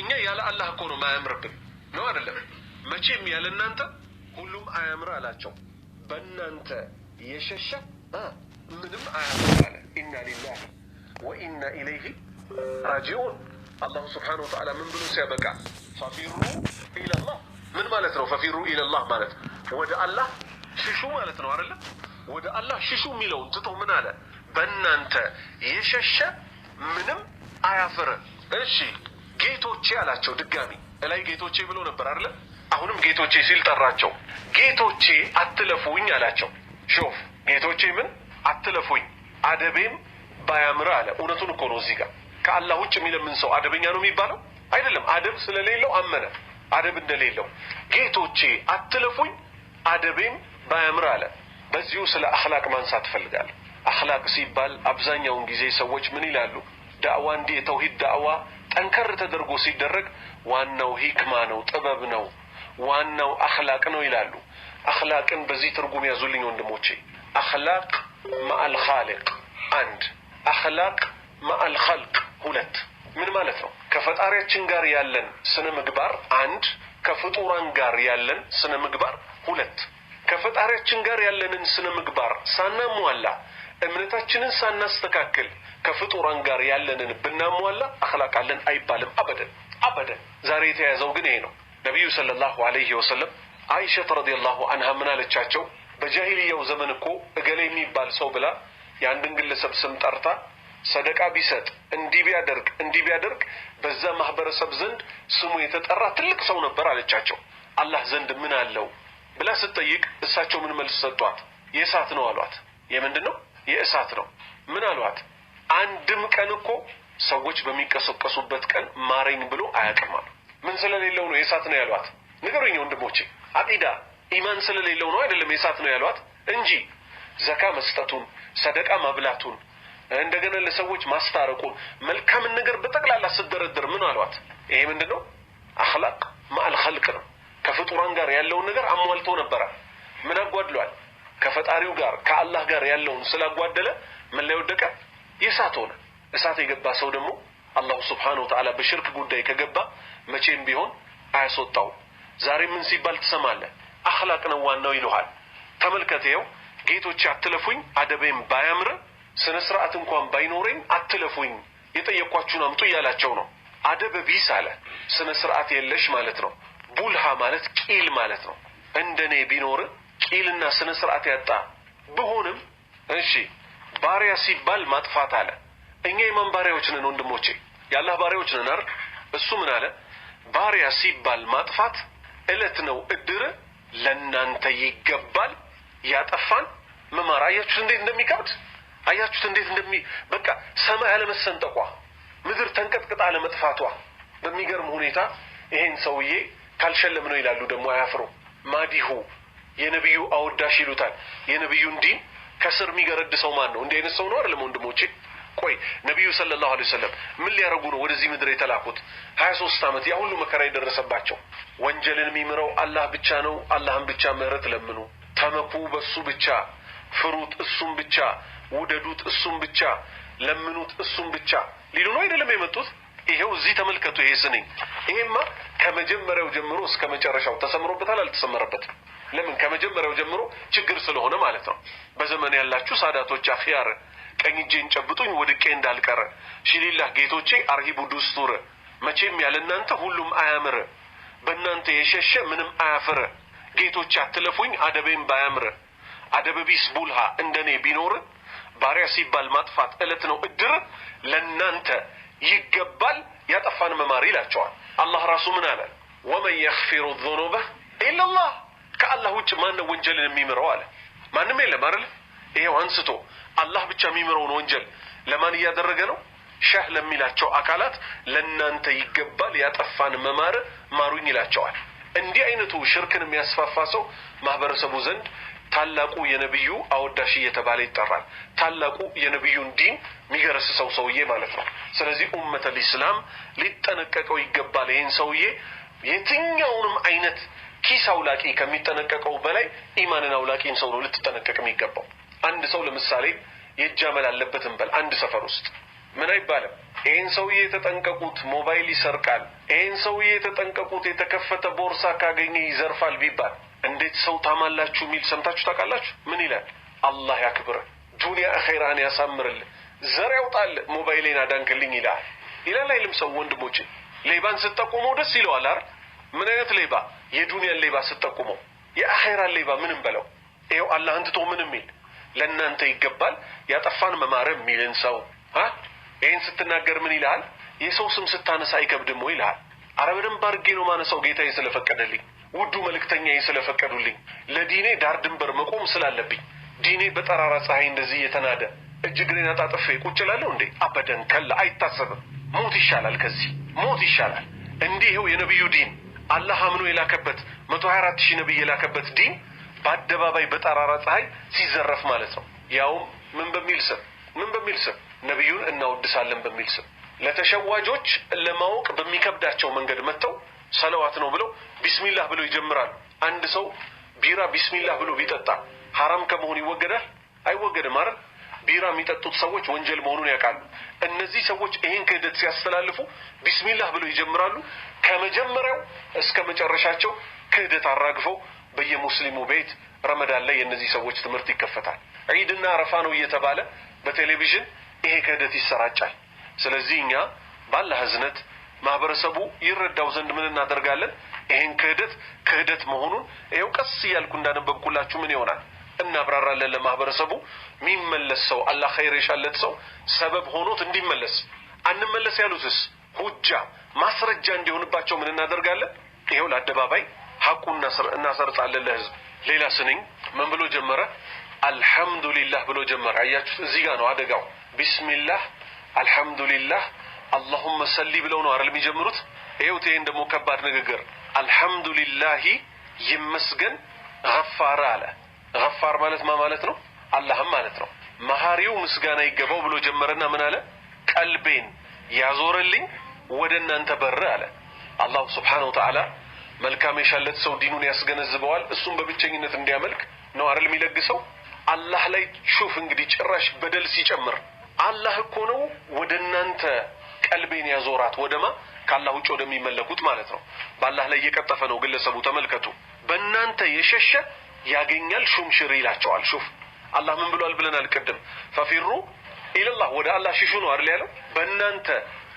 እኛ ያለ አላህ እኮ ነው ማያምርብን ነው አይደለም? መቼም ያለ እናንተ ሁሉም አያምር አላቸው። በእናንተ የሸሸ ምንም አያምር አለ። ኢና ሊላህ ወኢና ኢለይህ ራጂዑን። አላሁ ስብሓነሁ ወተዓላ ምን ብሎ ሲያበቃ ፈፊሩ ኢለላህ ምን ማለት ነው? ፈፊሩ ኢለላህ ማለት ወደ አላህ ሽሹ ማለት ነው አይደለም? ወደ አላህ ሽሹ የሚለውን ትቶ ምን አለ? በእናንተ የሸሸ ምንም አያፍር። እሺ ጌቶቼ አላቸው። ድጋሚ እላይ ጌቶቼ ብሎ ነበር አይደለ? አሁንም ጌቶቼ ሲል ጠራቸው። ጌቶቼ አትለፉኝ አላቸው። ሾፍ ጌቶቼ ምን አትለፉኝ፣ አደቤም ባያምር አለ። እውነቱን እኮ ነው። እዚህ ጋር ከአላህ ውጭ የሚለምን ሰው አደበኛ ነው የሚባለው አይደለም። አደብ ስለሌለው አመነ። አደብ እንደሌለው ጌቶቼ አትለፉኝ፣ አደቤም ባያምር አለ። በዚሁ ስለ አኽላቅ ማንሳት ትፈልጋለሁ? አኽላቅ ሲባል አብዛኛውን ጊዜ ሰዎች ምን ይላሉ? ዳዕዋ እንዲህ የተውሂድ ዳዕዋ ጠንከር ተደርጎ ሲደረግ ዋናው ሂክማ ነው፣ ጥበብ ነው፣ ዋናው አኽላቅ ነው ይላሉ። አኽላቅን በዚህ ትርጉም ያዙልኝ ወንድሞቼ። አኽላቅ ማአል ኻሊቅ አንድ፣ አኽላቅ ማአል ኸልቅ ሁለት። ምን ማለት ነው? ከፈጣሪያችን ጋር ያለን ስነ ምግባር አንድ፣ ከፍጡራን ጋር ያለን ስነ ምግባር ሁለት። ከፈጣሪያችን ጋር ያለንን ስነ ምግባር ሳናሟላ እምነታችንን ሳናስተካክል ከፍጡራን ጋር ያለንን ብናሟላ አክላቃለን አይባልም። አበደን አበደን። ዛሬ የተያዘው ግን ይሄ ነው። ነቢዩ ሰለላሁ አለይህ ወሰለም አይሸት ረዲየላሁ አንሃ ምን አለቻቸው? በጃሂልያው ዘመን እኮ እገሌ የሚባል ሰው ብላ የአንድን ግለሰብ ስም ጠርታ ሰደቃ ቢሰጥ እንዲህ ቢያደርግ እንዲህ ቢያደርግ በዛ ማህበረሰብ ዘንድ ስሙ የተጠራ ትልቅ ሰው ነበር አለቻቸው። አላህ ዘንድ ምን አለው ብላ ስትጠይቅ እሳቸው ምን መልስ ሰጧት? የእሳት ነው አሏት። የምንድን ነው የእሳት ነው። ምን አሏት? አንድም ቀን እኮ ሰዎች በሚቀሰቀሱበት ቀን ማረኝ ብሎ አያውቅም አሉ። ምን ስለሌለው ነው የእሳት ነው ያሏት? ንገሩኝ ወንድሞቼ። አቂዳ ኢማን ስለሌለው ነው አይደለም የእሳት ነው ያሏት እንጂ ዘካ መስጠቱን፣ ሰደቃ ማብላቱን፣ እንደገና ለሰዎች ማስታረቁን፣ መልካምን ነገር በጠቅላላ ስደረድር ምን አሏት? ይሄ ምንድን ነው? አኽላቅ ማአል ኸልቅ ነው። ከፍጡራን ጋር ያለውን ነገር አሟልቶ ነበረ። ምን አጓድሏል? ከፈጣሪው ጋር ከአላህ ጋር ያለውን ስላጓደለ ምን ላይ ወደቀ? የእሳት ሆነ። እሳት የገባ ሰው ደግሞ አላሁ ስብሓነሁ ወተዓላ በሽርክ ጉዳይ ከገባ መቼም ቢሆን አያስወጣው ዛሬ ምን ሲባል ትሰማለህ? አኽላቅ ነው ዋናው ይልሃል። ተመልከት፣ ይኸው አትለፉኝ፣ አደቤም ባያምር ስነ ስርዓት እንኳን ባይኖረኝ አትለፉኝ፣ የጠየኳችሁን አምጡ እያላቸው ነው። አደበ ቢስ አለ ስነ ስርዓት የለሽ ማለት ነው። ቡልሃ ማለት ቂል ማለት ነው። እንደኔ ቢኖር ቂልና ስነ ስርዓት ያጣ ብሆንም እሺ ባሪያ ሲባል ማጥፋት አለ። እኛ የማን ባሪያዎች ነን ወንድሞቼ? የአላህ ባሪያዎች ነን አይደል? እሱ ምን አለ? ባሪያ ሲባል ማጥፋት እለት ነው እድር ለእናንተ ይገባል። ያጠፋን መማር አያችሁት እንዴት እንደሚከብድ አያችሁት እንዴት እንደሚ በቃ ሰማይ አለመሰንጠቋ ምድር ተንቀጥቅጣ አለመጥፋቷ በሚገርም ሁኔታ ይሄን ሰውዬ ካልሸለም ነው ይላሉ። ደግሞ አያፍሩ ማዲሁ የነቢዩ አወዳሽ ይሉታል። የነቢዩን ዲን ከስር የሚገረድ ሰው ማን ነው? እንዲህ አይነት ሰው ነው አይደለም? ወንድሞቼ ቆይ ነቢዩ ሰለላሁ ዐለይሂ ወሰለም ምን ሊያደርጉ ነው ወደዚህ ምድር የተላኩት? ሀያ ሶስት ዓመት ያ ሁሉ መከራ የደረሰባቸው። ወንጀልን የሚምረው አላህ ብቻ ነው። አላህን ብቻ ምህረት ለምኑ፣ ተመኩ፣ በሱ ብቻ ፍሩት፣ እሱም ብቻ ውደዱት፣ እሱም ብቻ ለምኑት፣ እሱም ብቻ ሊሉ ነው አይደለም የመጡት። ይሄው እዚህ ተመልከቱ። ይሄ ስንኝ ይሄማ ከመጀመሪያው ጀምሮ እስከ መጨረሻው ተሰምሮበታል አልተሰመረበትም? ለምን ከመጀመሪያው ጀምሮ ችግር ስለሆነ ማለት ነው። በዘመን ያላችሁ ሳዳቶች አኽያር ቀኝ እጄን ጨብጡኝ ወድቄ እንዳልቀረ ሽሊላህ ጌቶቼ አርሂቡ ዱስቱር መቼም ያለ እናንተ ሁሉም አያምር በእናንተ የሸሸ ምንም አያፍር ጌቶች አትለፉኝ አደቤም ባያምር አደበቢስ ቡልሃ እንደኔ ቢኖር ባሪያ ሲባል ማጥፋት እለት ነው እድር ለእናንተ ይገባል ያጠፋን መማር ይላቸዋል። አላህ ራሱ ምን አለ? ወመን የኽፊሩ ዙኑበ ኢላላህ ከአላህ ውጭ ማን ነው ወንጀልን የሚምረው አለ። ማንም የለም አይደል? ይሄው አንስቶ አላህ ብቻ የሚምረውን ወንጀል ለማን እያደረገ ነው? ሸህ ለሚላቸው አካላት ለእናንተ ይገባል ያጠፋን መማር ማሩኝ ይላቸዋል። እንዲህ አይነቱ ሽርክን የሚያስፋፋ ሰው ማህበረሰቡ ዘንድ ታላቁ የነብዩ አወዳሽ እየተባለ ይጠራል። ታላቁ የነቢዩን ዲን የሚገረስ ሰው ሰውዬ ማለት ነው። ስለዚህ ኡመተል ኢስላም ሊጠነቀቀው ይገባል። ይህን ሰውዬ የትኛውንም አይነት ኪስ አውላቂ ከሚጠነቀቀው በላይ ኢማንን አውላቂን ሰው ነው ልትጠነቀቅ የሚገባው። አንድ ሰው ለምሳሌ የእጅ አመል አለበት እንበል፣ አንድ ሰፈር ውስጥ ምን አይባልም፣ ይህን ሰውዬ የተጠንቀቁት ሞባይል ይሰርቃል፣ ይህን ሰውዬ የተጠንቀቁት የተከፈተ ቦርሳ ካገኘ ይዘርፋል ቢባል እንዴት ሰው ታማላችሁ የሚል ሰምታችሁ ታውቃላችሁ? ምን ይላል? አላህ ያክብርህ፣ ዱንያ አኼራን ያሳምርል ዘር ያውጣል፣ ሞባይሌን አዳንክልኝ ይልሃል። ይላል አይልም ሰው? ወንድሞቼ ሌባን ስትጠቁመው ደስ ይለዋል አይደል? ምን አይነት ሌባ? የዱንያን ሌባ ስትጠቁመው፣ የአኼራን ሌባ ምንም በለው። ይኸው አላህን ትቶ ምን የሚል ለእናንተ ይገባል ያጠፋን መማረ የሚልን ሰው ይህን ስትናገር ምን ይልሃል? የሰው ስም ስታነሳ አይከብድሞ ይልሃል። አረ በደንብ አድርጌ ነው ማነሳው ጌታዬ ስለፈቀደልኝ፣ ውዱ መልእክተኛዬ ስለፈቀዱልኝ፣ ለዲኔ ዳር ድንበር መቆም ስላለብኝ፣ ዲኔ በጠራራ ፀሐይ እንደዚህ እየተናደ እጅ እግሬን አጣጥፌ ቁጭ እላለሁ እንዴ? አበደን ከላ አይታሰብም። ሞት ይሻላል፣ ከዚህ ሞት ይሻላል። እንዲህው የነብዩ የነቢዩ ዲን አላህ አምኖ የላከበት መቶ ሀያ አራት ሺህ ነቢይ የላከበት ዲን በአደባባይ በጠራራ ፀሐይ ሲዘረፍ ማለት ነው። ያውም ምን በሚል ስም ምን በሚል ስም ነቢዩን እናወድሳለን በሚል ስም ለተሸዋጆች ለማወቅ በሚከብዳቸው መንገድ መጥተው ሰለዋት ነው ብለው ቢስሚላህ ብለው ይጀምራሉ። አንድ ሰው ቢራ ቢስሚላህ ብሎ ቢጠጣ ሐራም ከመሆኑ ይወገዳል አይወገድም? አረ ቢራ የሚጠጡት ሰዎች ወንጀል መሆኑን ያውቃሉ። እነዚህ ሰዎች ይህን ክህደት ሲያስተላልፉ ቢስሚላህ ብለው ይጀምራሉ። ከመጀመሪያው እስከ መጨረሻቸው ክህደት አራግፈው በየሙስሊሙ ቤት ረመዳን ላይ የእነዚህ ሰዎች ትምህርት ይከፈታል። ዒድና አረፋ ነው እየተባለ በቴሌቪዥን ይሄ ክህደት ይሰራጫል። ስለዚህ እኛ ባለ ህዝነት ማህበረሰቡ ይረዳው ዘንድ ምን እናደርጋለን? ይሄን ክህደት ክህደት መሆኑን ይኸው ቀስ እያልኩ እንዳነበብኩላችሁ ምን ይሆናል እናብራራለን። ለማህበረሰቡ የሚመለስ ሰው አላህ ኸይር የሻለት ሰው ሰበብ ሆኖት እንዲመለስ አንመለስ ያሉትስ ሁጃ ማስረጃ እንዲሆንባቸው ምን እናደርጋለን? ይኸው ለአደባባይ ሀቁ እናሰርጻለን ለህዝብ። ሌላ ስንኝ ምን ብሎ ጀመረ? አልሐምዱሊላህ ብሎ ጀመረ። አያችሁት? እዚህ ጋር ነው አደጋው። ቢስሚላህ አልሐምዱሊላህ፣ አላሁመ ሰሊ ብለው ነው አይደል የሚጀምሩት? ይኸውት ይህን ደግሞ ከባድ ንግግር አልሐምዱሊላሂ ይመስገን ገፋር አለ። ገፋር ማለት ማ ማለት ነው? አላህም ማለት ነው። መሀሪው ምስጋና ይገባው ብሎ ጀመረና ምን አለ? ቀልቤን ያዞረልኝ ወደ እናንተ በር አለ። አላሁ ስብሓነሁ ወተዓላ መልካም የሻለት ሰው ዲኑን ያስገነዝበዋል። እሱም በብቸኝነት እንዲያመልክ ነው አይደል የሚለግሰው። አላህ ላይ ሹፍ እንግዲህ ጭራሽ በደል ሲጨምር አላህ እኮ ነው ወደ እናንተ ቀልቤን ያዞራት ወደማ ከአላህ ውጭ ወደሚመለኩት ማለት ነው። በአላህ ላይ እየቀጠፈ ነው ግለሰቡ። ተመልከቱ። በእናንተ የሸሸ ያገኛል ሹም ይላቸዋል። ሹፍ አላህ ምን ብሏል ብለናል ቅድም። ፈፊሩ ኢለላህ ወደ አላህ ሽሹ ነው አይደል ያለው በእናንተ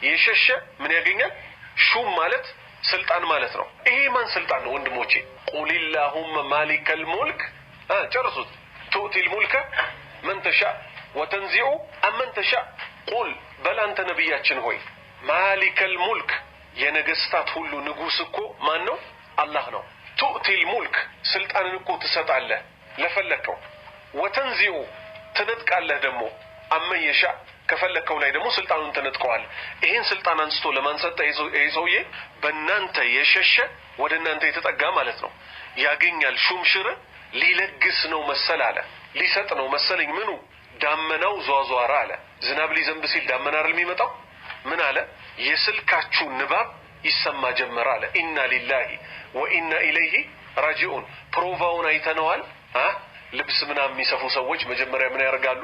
የሸሸ ምን ያገኛል? ሹም ማለት ስልጣን ማለት ነው። ይሄ ማን ስልጣን ነው ወንድሞቼ? ቁሊላሁመ ማሊከል ሙልክ ጨርሱት። ቱእቲል ሙልከ መን ተሻ ወተንዚዑ አመን ተሻ። ቁል በል አንተ ነቢያችን ሆይ ማሊከል ሙልክ የነገስታት ሁሉ ንጉስ እኮ ማን ነው? አላህ ነው። ቱእቲል ሙልክ ስልጣንን እኮ ትሰጣለህ ለፈለከው፣ ወተንዚዑ ትነጥቃለህ ደግሞ አመን የሻ ከፈለግከው ላይ ደግሞ ስልጣኑን ተነጥቀዋል። ይህን ስልጣን አንስቶ ለማንሳት ይህ ሰውዬ በእናንተ የሸሸ ወደ እናንተ የተጠጋ ማለት ነው። ያገኛል ሹምሽር ሊለግስ ነው መሰል አለ። ሊሰጥ ነው መሰለኝ። ምኑ ዳመናው ዟዟራ አለ። ዝናብ ሊዘንብ ሲል ዳመና አይደል የሚመጣው? ምን አለ? የስልካችሁ ንባብ ይሰማ ጀመረ አለ። ኢና ሊላሂ ወኢና ኢለይሂ ራጂኡን። ፕሮቫውን አይተነዋል። ልብስ ምናምን የሚሰፉ ሰዎች መጀመሪያ ምን ያደርጋሉ?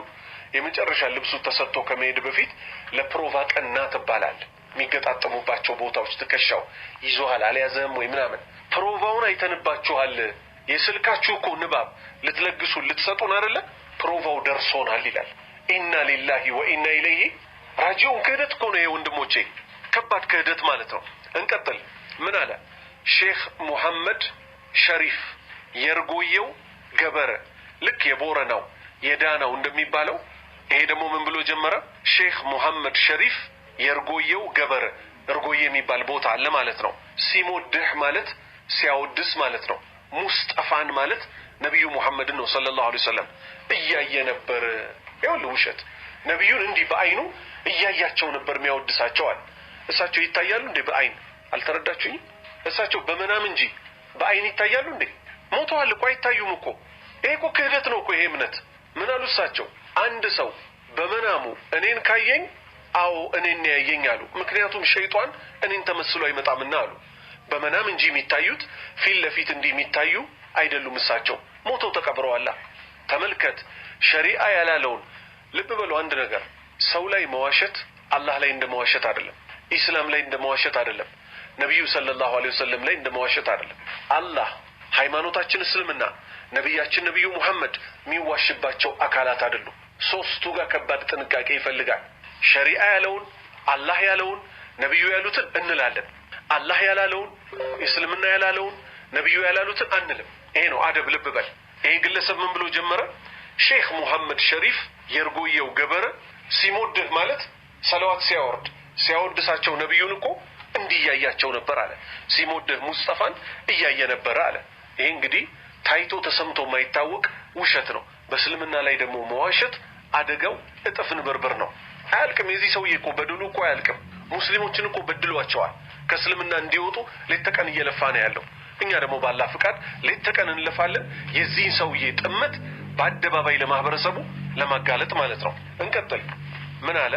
የመጨረሻ ልብሱ ተሰጥቶ ከመሄድ በፊት ለፕሮቫ ቀና ትባላል። የሚገጣጠሙባቸው ቦታዎች ትከሻው ይዞሃል አልያዘም ወይ ምናምን ፕሮቫውን አይተንባችኋል። የስልካችሁ እኮ ንባብ ልትለግሱ ልትሰጡን አደለ? ፕሮቫው ደርሶናል ይላል። ኢና ሊላሂ ወኢና ኢለይህ ራጂውን። ክህደት እኮ ነው ወንድሞቼ፣ ከባድ ክህደት ማለት ነው። እንቀጥል። ምን አለ ሼክ ሙሐመድ ሸሪፍ የርጎየው ገበረ ልክ የቦረናው የዳናው እንደሚባለው ይሄ ደግሞ ምን ብሎ ጀመረ? ሼክ ሙሐመድ ሸሪፍ የእርጎየው ገበር እርጎዬ የሚባል ቦታ አለ ማለት ነው። ሲሞድህ ማለት ሲያወድስ ማለት ነው። ሙስጠፋን ማለት ነቢዩ ሙሐመድን ነው ሰለላሁ ዐለይሂ ወሰለም እያየ ነበር። ይኸውልህ ውሸት ነቢዩን እንዲህ በአይኑ እያያቸው ነበር የሚያወድሳቸዋል። እሳቸው ይታያሉ እንዴ በአይን አልተረዳችሁኝ? እሳቸው በምናም እንጂ በአይን ይታያሉ እንዴ? ሞተዋል እኮ አይታዩም እኮ። ይሄ እኮ ክህደት ነው እኮ ይሄ እምነት። ምን አሉ እሳቸው አንድ ሰው በመናሙ እኔን ካየኝ፣ አዎ እኔን ያየኝ አሉ። ምክንያቱም ሸይጧን እኔን ተመስሎ አይመጣምና አሉ። በመናም እንጂ የሚታዩት ፊት ለፊት እንዲህ የሚታዩ አይደሉም። እሳቸው ሞተው ተቀብረዋላ። ተመልከት፣ ሸሪአ ያላለውን ልብ በሉ። አንድ ነገር ሰው ላይ መዋሸት አላህ ላይ እንደ መዋሸት አይደለም። ኢስላም ላይ እንደ መዋሸት አይደለም። ነቢዩ ሰለላሁ ዐለይሂ ወሰለም ላይ እንደ መዋሸት አይደለም። አላህ ሃይማኖታችን እስልምና፣ ነቢያችን ነቢዩ ሙሐመድ የሚዋሽባቸው አካላት አይደሉም። ሶስቱ ጋር ከባድ ጥንቃቄ ይፈልጋል። ሸሪአ ያለውን አላህ ያለውን ነቢዩ ያሉትን እንላለን። አላህ ያላለውን እስልምና ያላለውን ነቢዩ ያላሉትን አንልም። ይሄ ነው አደብ። ልብ በል። ይሄ ግለሰብ ምን ብሎ ጀመረ? ሼክ ሙሐመድ ሸሪፍ የርጎየው ገበረ ሲሞድህ ማለት ሰለዋት ሲያወርድ ሲያወድሳቸው ነቢዩን እኮ እንዲህ እያያቸው ነበር አለ። ሲሞድህ ሙስጠፋን እያየ ነበረ አለ። ይሄ እንግዲህ ታይቶ ተሰምቶ የማይታወቅ ውሸት ነው። በእስልምና ላይ ደግሞ መዋሸት አደጋው እጥፍ ንብርብር ነው። አያልቅም። የዚህ ሰውዬ እኮ በደሉ እኮ አያልቅም። ሙስሊሞችን እኮ በድሏቸዋል። ከእስልምና እንዲወጡ ሌት ተቀን እየለፋ ነው ያለው። እኛ ደግሞ ባላ ፍቃድ ሌት ተቀን እንለፋለን የዚህን ሰውዬ ጥመት በአደባባይ ለማህበረሰቡ ለማጋለጥ ማለት ነው። እንቀጥል። ምን አለ?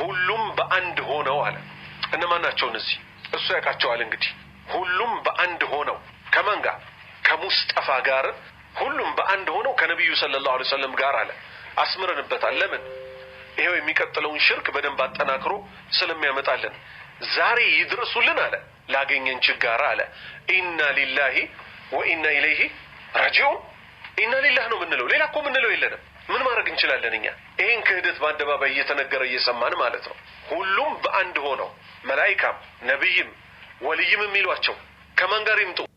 ሁሉም በአንድ ሆነው አለ። እነማን ናቸው እነዚህ? እሱ ያውቃቸዋል እንግዲህ። ሁሉም በአንድ ሆነው ከማን ጋር? ከሙስጠፋ ጋር። ሁሉም በአንድ ሆነው ከነቢዩ ሰለላሁ ዐለይሂ ወሰለም ጋር አለ አስምረንበታል። ለምን ይሄው የሚቀጥለውን ሽርክ በደንብ አጠናክሮ ስለሚያመጣልን ዛሬ ይድረሱልን አለ ላገኘን ችጋራ አለ ኢና ሊላሂ ወኢና ኢለይሂ ራጂዑን። ኢና ሊላህ ነው የምንለው፣ ሌላ እኮ የምንለው የለንም። ምን ማድረግ እንችላለን እኛ? ይህን ክህደት በአደባባይ እየተነገረ እየሰማን ማለት ነው። ሁሉም በአንድ ሆነው መላይካም ነቢይም ወልይም የሚሏቸው ከማን ጋር ይምጡ?